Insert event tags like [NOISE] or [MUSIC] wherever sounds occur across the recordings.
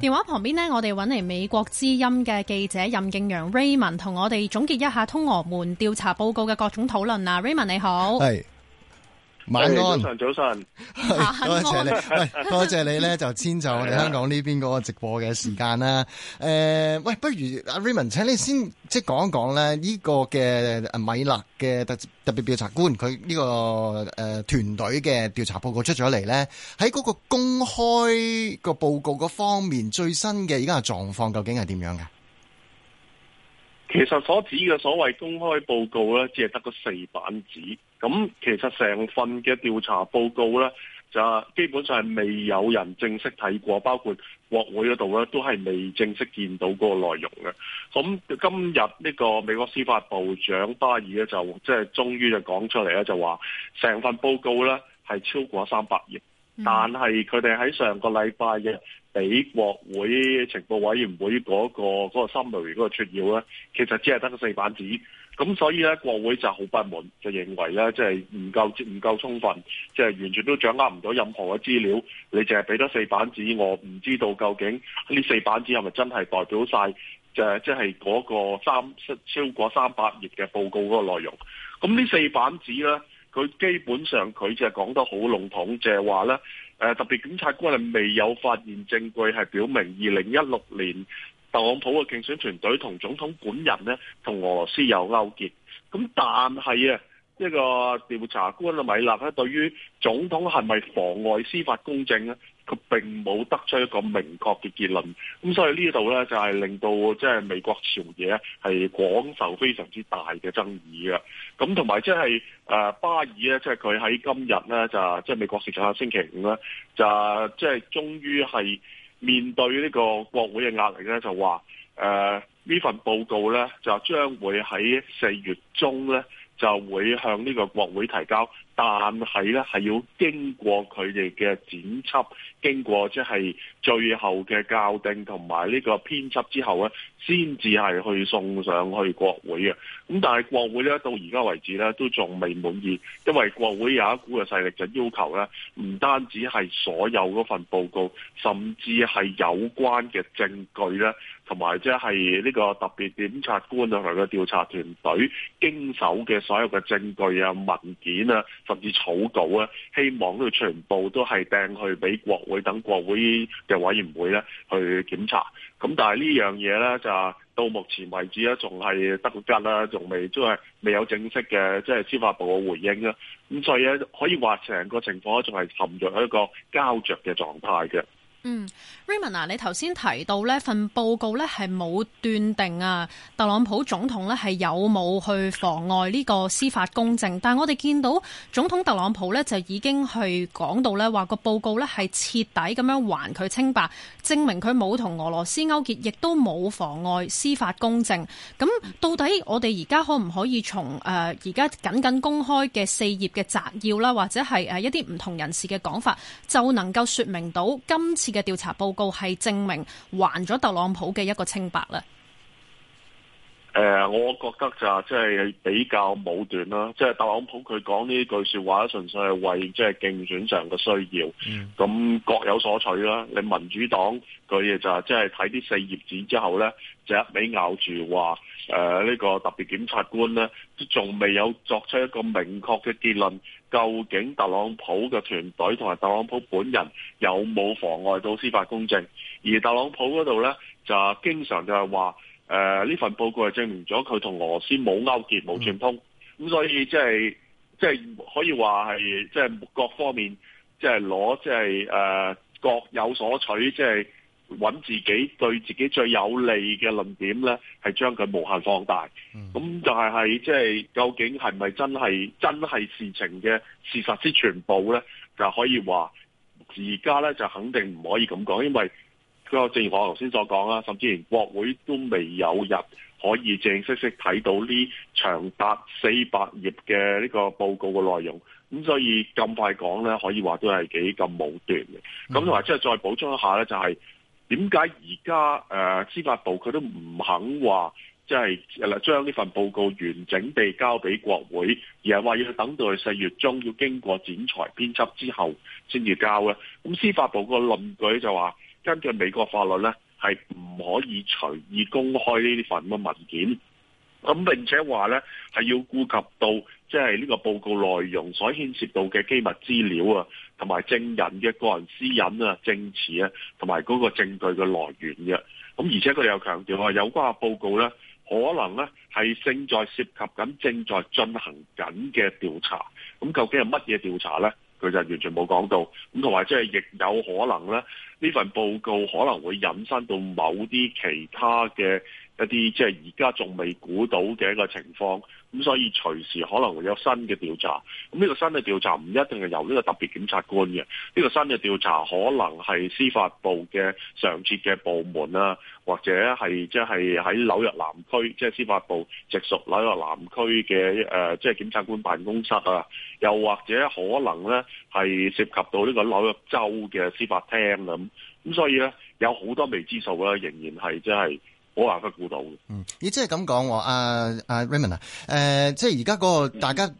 電話旁邊呢，我哋揾嚟美國之音嘅記者任敬揚 Raymond 同我哋總結一下通俄門調查報告嘅各種討論啊，Raymond 你好。晚安，早晨，多謝，謝你，多 [LAUGHS] 謝，謝你咧，就遷就我哋香港呢邊嗰個直播嘅時間啦。誒、呃，喂，不如阿 Raymond，請你先即係講一講咧呢、這個嘅米勒嘅特特別調查官，佢呢、這個誒團隊嘅調查報告出咗嚟咧，喺嗰個公開個報告個方面，最新嘅而家嘅狀況究竟係點樣嘅？其實所指嘅所謂公開報告呢，只係得個四版紙。咁其實成份嘅調查報告呢，就基本上係未有人正式睇過，包括國會嗰度呢，都係未正式見到嗰個內容嘅。咁今日呢個美國司法部長巴爾呢，就即係終於說來就講出嚟咧，就話成份報告呢係超過三百頁，但係佢哋喺上個禮拜嘅。美國會情報委員會嗰個嗰個 summary 嗰個摘要呢，其實只係得四板紙，咁所以呢，國會就好不滿，就認為呢，即係唔夠唔夠充分，即係完全都掌握唔到任何嘅資料，你淨係俾多四板紙，我唔知道究竟呢四板紙係咪真係代表曬即係嗰個三超過三百頁嘅報告嗰個內容。咁呢四板紙呢，佢基本上佢就講得好籠統，就係話呢。誒特別檢察官係未有發現證據，係表明二零一六年特朗普嘅競選團隊同總統本人呢，同俄羅斯有勾結。咁但係啊，呢個調查官啊，米勒咧，對於總統係咪妨礙司法公正咧？佢並冇得出一個明確嘅結論，咁所以呢度呢，就係令到即係美國朝野係廣受非常之大嘅爭議嘅。咁同埋即係誒巴爾呢，即係佢喺今日呢，就即係美國時下星期五呢，就即係終於係面對呢個國會嘅壓力呢，就話誒呢份報告呢，就將會喺四月中呢，就會向呢個國會提交。但係咧，係要經過佢哋嘅剪輯，經過即係最後嘅校訂同埋呢個編輯之後咧，先至係去送上去國會嘅。咁但係國會咧，到而家為止咧，都仲未滿意，因為國會有一股嘅勢力就要求咧，唔單止係所有嗰份報告，甚至係有關嘅證據咧，同埋即係呢個特別檢察官啊同埋個調查團隊經手嘅所有嘅證據啊文件啊。甚至草稿咧，希望都全部都係掟去俾國會，等國會嘅委員會咧去檢查。咁但係呢樣嘢咧，就到目前為止咧，仲係得個吉啦，仲未都係未有正式嘅即係司法部嘅回應啦。咁所以咧，可以話成個情況咧，仲係陷入一個膠着嘅狀態嘅。嗯，Raymond 啊，你頭先提到呢份報告咧係冇斷定啊，特朗普總統咧係有冇去妨礙呢個司法公正？但係我哋見到總統特朗普咧就已經去講到咧話個報告咧係徹底咁樣還佢清白，證明佢冇同俄羅斯勾結，亦都冇妨礙司法公正。咁到底我哋而家可唔可以從誒而家僅僅公開嘅四頁嘅摘要啦，或者係誒一啲唔同人士嘅講法，就能夠說明到今次嘅？嘅調查報告係證明還咗特朗普嘅一個清白咧。誒、呃，我覺得就係即係比較武斷啦。即係特朗普佢講呢句説話，純粹係為即係競選上嘅需要。咁、嗯、各有所取啦。你民主黨佢亦就係即係睇啲四頁紙之後呢，就一味咬住話誒呢個特別檢察官呢，都仲未有作出一個明確嘅結論。究竟特朗普嘅團隊同埋特朗普本人有冇妨礙到司法公正？而特朗普嗰度呢，就經常就係話，誒、呃、呢份報告係證明咗佢同俄羅斯冇勾結、冇串通，咁所以即係即係可以話係即係各方面即係攞即係誒各有所取即係。就是揾自己對自己最有利嘅論點咧，係將佢無限放大。咁就係係即係究竟係咪真係真係事情嘅事實之全部咧？就可以話而家咧就肯定唔可以咁講，因為個正如我頭先所講啦，甚至連國會都未有入可以正正式式睇到呢長達四百頁嘅呢個報告嘅內容。咁所以咁快講咧，可以話都係幾咁武斷嘅。咁同埋即係再補充一下咧，就係、是。點解而家誒司法部佢都唔肯話，即係誒將呢份報告完整地交俾國會，而係話要等到佢四月中要經過剪裁編輯之後先至交咧？咁司法部個論據就話，根據美國法律呢，係唔可以隨意公開呢啲份嘅文件。咁並且話呢，係要顧及到，即係呢個報告內容所牽涉到嘅機密資料啊，同埋證人嘅個人私隱啊、證詞啊，同埋嗰個證據嘅來源嘅、啊。咁而且佢哋又強調話，有關嘅報告呢，可能呢係正在涉及緊、正在進行緊嘅調查。咁究竟係乜嘢調查呢？佢就完全冇講到。咁同埋即係亦有可能呢，呢份報告可能會引申到某啲其他嘅。一啲即係而家仲未估到嘅一個情況，咁所以隨時可能會有新嘅調查。咁呢個新嘅調查唔一定係由呢個特別檢察官嘅，呢個新嘅調查可能係司法部嘅常設嘅部門啦、啊，或者係即係喺紐約南區，即係司法部直屬紐約南區嘅誒即係檢察官辦公室啊，又或者可能咧係涉及到呢個紐約州嘅司法廳咁、啊。咁所以咧有好多未知數啦，仍然係即係。我話佢估到嗯，即係咁講喎，阿 Raymond 啊，啊啊啊呃、即係而家嗰個大家誒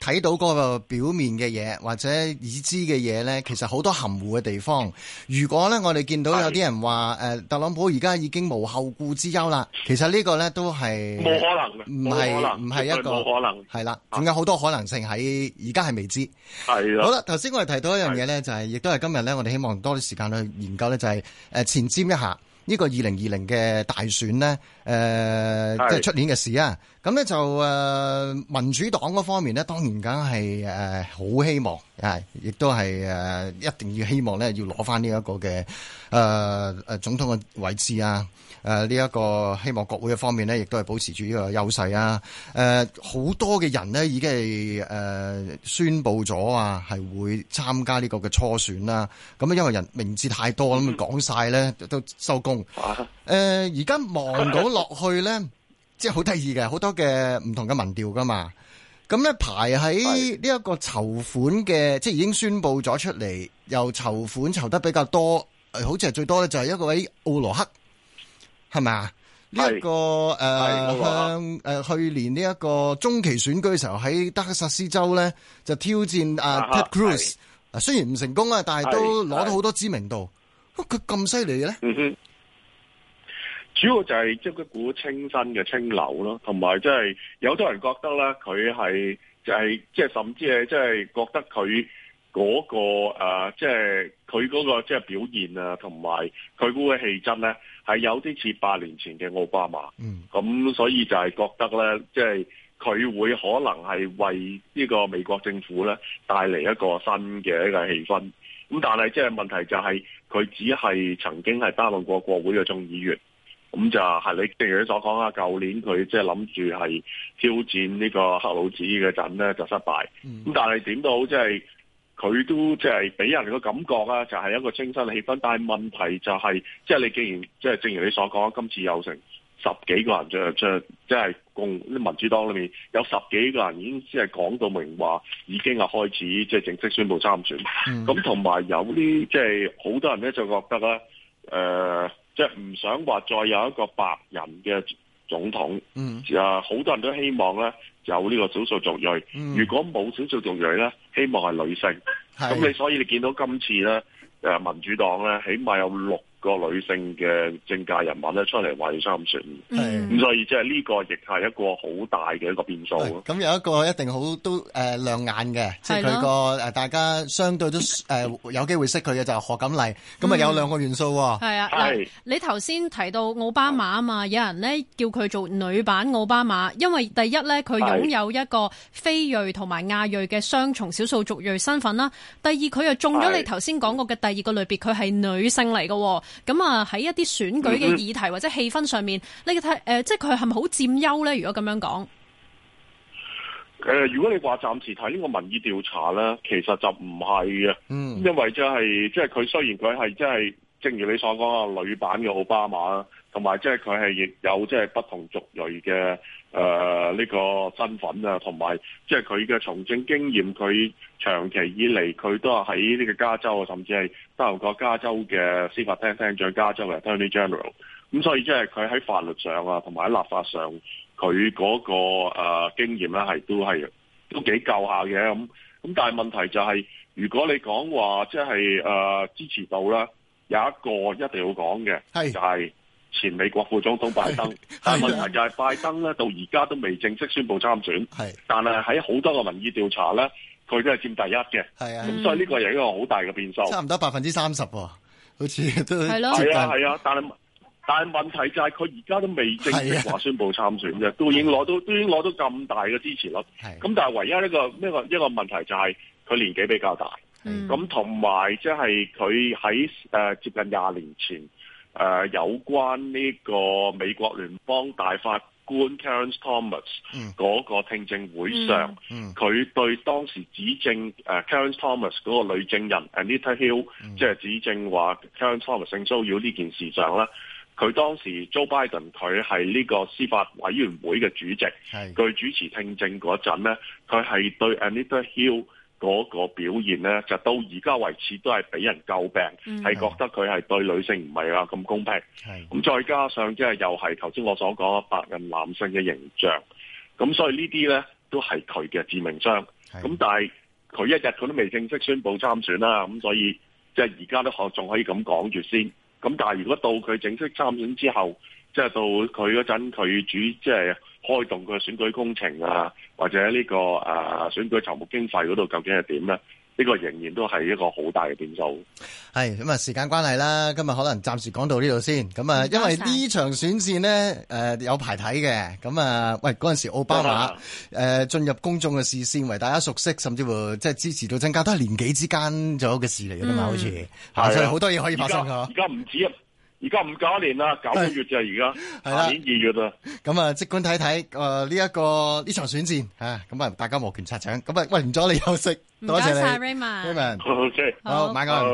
睇、呃、到嗰個表面嘅嘢或者已知嘅嘢咧，其實好多含糊嘅地方。如果咧，我哋見到有啲人話、呃、特朗普而家已經無後顧之憂啦，其實個呢個咧都係冇可能，唔係唔係一個可能，係啦，仲有好多可能性喺而家係未知。係啦。好啦，頭先我哋提到一樣嘢咧，就係亦都係今日咧，我哋希望多啲時間去研究咧，就係、誒、前瞻一下。呢、這個二零二零嘅大選咧，誒、呃、即係出年嘅事啊！咁咧就誒、呃、民主黨方面咧，當然梗係誒好希望。係，亦都係誒、呃，一定要希望咧，要攞翻呢一個嘅誒誒總統嘅位置啊！誒、呃，呢、這、一個希望國會嘅方面咧，亦都係保持住呢個優勢啊！誒、呃，好多嘅人呢已經係誒、呃、宣佈咗啊，係會參加呢個嘅初選啦。咁啊，因為人名字太多，咁講晒咧都收工。誒、啊，而家望到落去咧，即係好得意嘅，好多嘅唔同嘅民調噶嘛。咁呢排喺呢一個籌款嘅，即係已經宣佈咗出嚟，又籌款籌得比較多，好似係最多咧就係一個喺奧羅克，係咪啊？呢一、這個誒、呃、向誒、呃、去年呢一個中期選舉嘅時候喺德克薩斯州咧就挑戰阿 Ted Cruz，雖然唔成功啊，但係都攞到好多知名度。佢咁犀利嘅咧？主要就係即係嗰股清新嘅清流咯，同埋即係有多人覺得咧，佢係就係即係甚至係即係覺得佢嗰個誒，即係佢嗰個即係表現啊，同埋佢嗰個氣質咧，係有啲似八年前嘅奧巴馬。嗯，咁所以就係覺得咧，即係佢會可能係為呢個美國政府咧帶嚟一個新嘅一個氣氛。咁但係即係問題就係佢只係曾經係擔任過國會嘅眾議員。咁就係你正如你所講啦，舊年佢即係諗住係挑戰呢個黑老子嘅陣咧，就失敗。咁、嗯、但係點都好，即係佢都即係俾人個感覺啊，就係一個清新氣氛。但係問題就係、是，即、就、係、是、你既然即係、就是、正如你所講，今次又成十幾個人即、就、係、是就是、共啲民主黨裏面有十幾個人已經先係講到明話，已經係開始即係正式宣佈參選。咁同埋有啲即係好多人咧就覺得咧，誒、呃。即係唔想話再有一個白人嘅總統，啊、嗯、好多人都希望咧有呢個少數族裔。嗯、如果冇少數族裔咧，希望係女性。咁你所以你見到今次咧，誒民主黨咧，起碼有六。個女性嘅政界人物咧出嚟為參選，係咁，所以即係呢個亦係一個好大嘅一個變數。咁有一個一定好都誒、呃、亮眼嘅，即係佢個誒大家相對都誒、呃、有機會識佢嘅就係、是、何錦麗。咁、嗯、啊有兩個元素喎，啊，係你頭先提到奧巴馬啊嘛，有人呢叫佢做女版奧巴馬，因為第一呢，佢擁有一個菲裔同埋亞裔嘅雙重少數族裔身份啦，第二佢又中咗你頭先講過嘅第二個類別，佢係女性嚟嘅。咁啊，喺一啲選舉嘅議題或者氣氛上面、嗯，你睇、呃、即係佢係咪好佔優咧？如果咁樣講、呃，如果你話暫時睇呢個民意調查咧，其實就唔係嘅，因為、即係、即係即係佢雖然佢係即係正如你所講啊，女版嘅奧巴馬啦。同埋即係佢係亦有即係不同族裔嘅誒呢個身份啊，同埋即係佢嘅從政經驗，佢長期以嚟佢都係喺呢個加州啊，甚至係德國加州嘅司法廳廳長加州嘅 Attorney General。咁所以即係佢喺法律上啊，同埋喺立法上，佢嗰個誒經驗咧，係都係都幾夠下嘅咁。咁但係問題就係，如果你講話即係誒支持度啦，有一個一定要講嘅係就係。前美國副總統拜登，係啊係啊、但係問題就係拜登咧到而家都未正式宣布參選，係啊、但係喺好多個民意調查咧，佢都係佔第一嘅，係啊。咁所以呢個係一個好大嘅變數，差唔多百分之三十喎，好似都接近係啊，啊，啊。但係但係問題就係佢而家都未正式話宣布參選啫、啊，都已經攞到、嗯、都已經攞到咁大嘅支持率。咁、啊、但係唯一一個咩個一個問題就係佢年紀比較大，咁同埋即係佢喺誒接近廿年前。誒、呃、有關呢個美國聯邦大法官 Clarence Thomas 嗰個聽證會上，佢、嗯嗯嗯、對當時指證 Clarence Thomas 嗰個女證人 Anita Hill，即、嗯、係、就是、指證話 Clarence Thomas 性騷擾呢件事上啦，佢當時 Joe Biden 佢係呢個司法委員會嘅主席，佢主持聽證嗰陣咧，佢係對 Anita Hill。嗰、那個表現咧，就到而家為止都係俾人詬病，係、嗯、覺得佢係對女性唔係話咁公平。咁再加上即係又係頭先我所講白人男性嘅形象，咁所以呢啲咧都係佢嘅致命傷。咁但係佢一日佢都未正式宣布參選啦，咁所以即係而家都可仲可以咁講住先。咁但係如果到佢正式參選之後，即係到佢嗰陣，佢主即係開動佢選舉工程啊，或者呢、這個啊選舉籌募經費嗰度究竟係點咧？呢、這個仍然都係一個好大嘅變數。係咁啊，時間關係啦，今日可能暫時講到呢度先。咁、嗯、啊，因為呢場選戰咧，誒、呃、有排睇嘅。咁、嗯、啊，喂，嗰陣時奧巴馬誒進、啊呃、入公眾嘅視線為，為大家熟悉，甚至乎即係支持度增加，都係年幾之間咗嘅事嚟嘅嘛，好似吓、嗯，所以好多嘢可以發生噶。而家唔止而家唔夠一年啦，九個月咋而家，係下年二月啦，咁、嗯、啊，即管睇睇，啊、呃、呢一個呢場選戰，吓咁啊，大家摩拳擦掌。咁啊，喂唔阻你休息，唔該晒 Raymond。Raymond，、okay。好，好，謝，好，拜個。